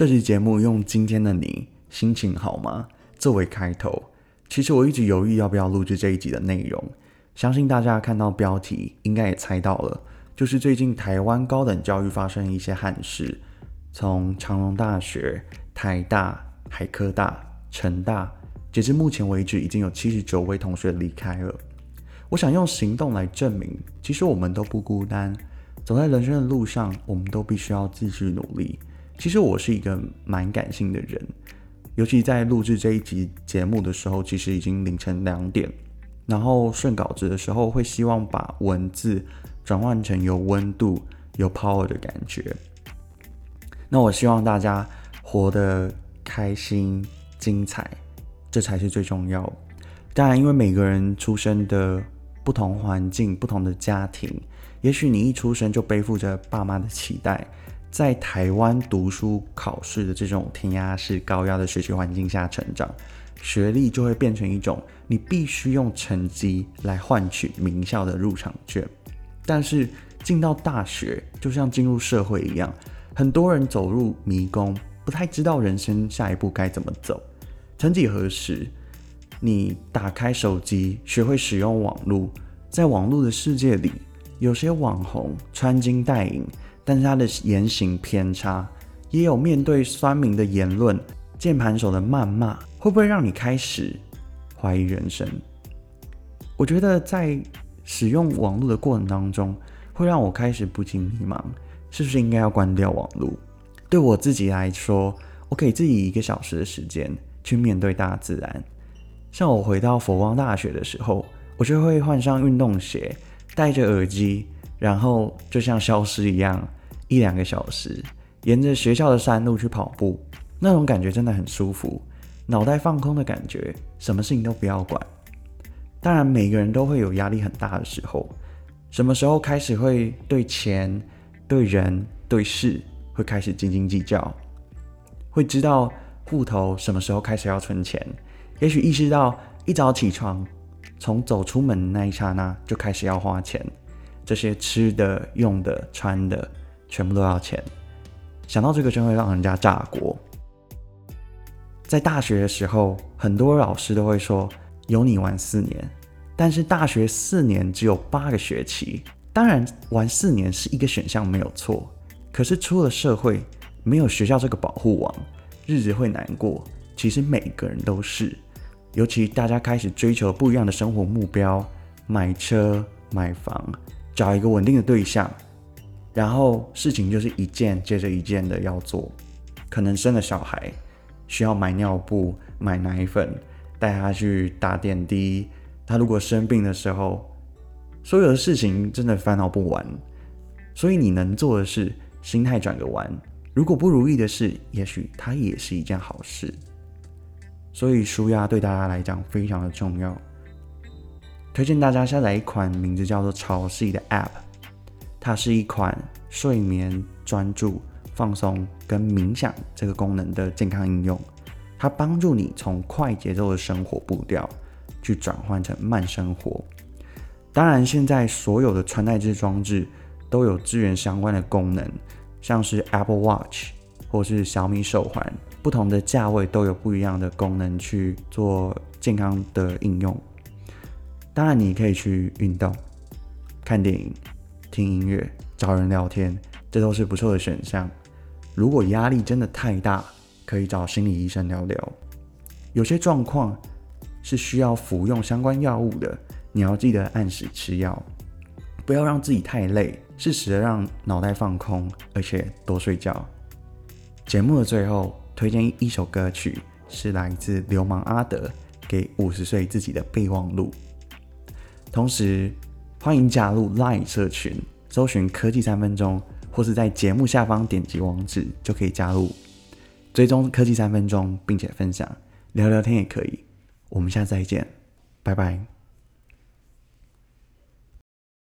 這期節目用今天的你，心情好嗎，作為開頭。其實我一直猶豫要不要錄製這一集的內容，相信大家看到標題，應該也猜到了，就是最近台灣高等教育發生一些憾事。從長榮大學、台大、海科大、成大，截至目前為止已經有七十九位同學離開了。我想用行動來證明，其實我們都不孤單。走在人生的路上，我們都必須要繼續努力。其實我是一個蠻感性的人，尤其在錄製這一集節目的時候，其實已經凌晨兩點。然後順稿子的時候，會希望把文字轉換成有溫度、有 power 的感覺。那我希望大家活得開心、精彩，這才是最重要。當然，因為每個人出生的不同環境、不同的家庭，也許你一出生就背負着爸媽的期待。在台灣讀書考試的這種填鴨式、高壓的學習環境下成長，學歷就會變成一種你必須用成績來換取名校的入場券。但是進到大學，就像進入社會一樣，很多人走入迷宮，不太知道人生下一步該怎麼走。曾幾何時，你打開手機，學會使用網絡，在網絡的世界裡，有些網紅穿金戴銀。但是他的言行偏差，也有面對酸民的言論、鍵盤手的謾罵，會不會讓你開始懷疑人生？我覺得在使用網絡的過程當中，會讓我開始不禁迷茫，是不是應該要關掉網絡？對我自己來說，我給自己一個小時的時間去面對大自然。像我回到佛光大學的時候，我就會換上運動鞋，戴着耳機，然後就像消失一樣。一兩個小時，沿着學校的山路去跑步，那種感覺真的很舒服，腦袋放空的感覺，什麼事情都不要管。當然，每個人都會有壓力很大的時候。什麼時候開始會對錢、對人、對事會開始斤斤計較？會知道戶頭什麼時候開始要存錢？也許意識到一早起床，從走出門的那一剎那就開始要花錢，這些吃的、用的、穿的。全部都要錢，想到這個就會讓人家炸鍋。在大學的時候，很多老師都會說“有你玩四年”，但是大學四年只有八個學期，當然玩四年是一個選項沒有錯。可是出了社會，沒有學校這個保護網，日子會難過。其實每個人都是，尤其大家開始追求不一樣的生活目標，買車、買房、找一個穩定的對象。然後事情就是一件接着一件的要做，可能生了小孩，需要買尿布、買奶粉，帶他去打點滴，他如果生病的時候，所有的事情真的煩惱不完。所以你能做的事，心態轉個彎。如果不如意的事，也許它也是一件好事。所以舒壓對大家來講非常的重要，推薦大家下載一款名字叫做“潮汐”的 App。它是一款睡眠、專注、放鬆跟冥想這個功能的健康應用，它幫助你從快節奏的生活步調去轉換成慢生活。當然，現在所有的穿戴式裝置都有支援相關的功能，像是 Apple Watch 或是小米手環，不同的價位都有不一樣的功能去做健康的應用。當然，你可以去運動、看電影。聽音樂、找人聊天，這都是不錯的選項。如果壓力真的太大，可以找心理醫生聊聊。有些狀況是需要服用相關藥物的，你要記得按時吃藥，不要讓自己太累，適時的讓腦袋放空，而且多睡覺。節目的最後，推薦一首歌曲，是來自流氓阿德給五十歲自己的備忘錄。同時，歡迎加入 Line 社群，搜尋“科技三分鐘”或是在節目下方點擊網址就可以加入，追蹤“科技三分鐘”，並且分享，聊聊天也可以。我們下次再見，拜拜。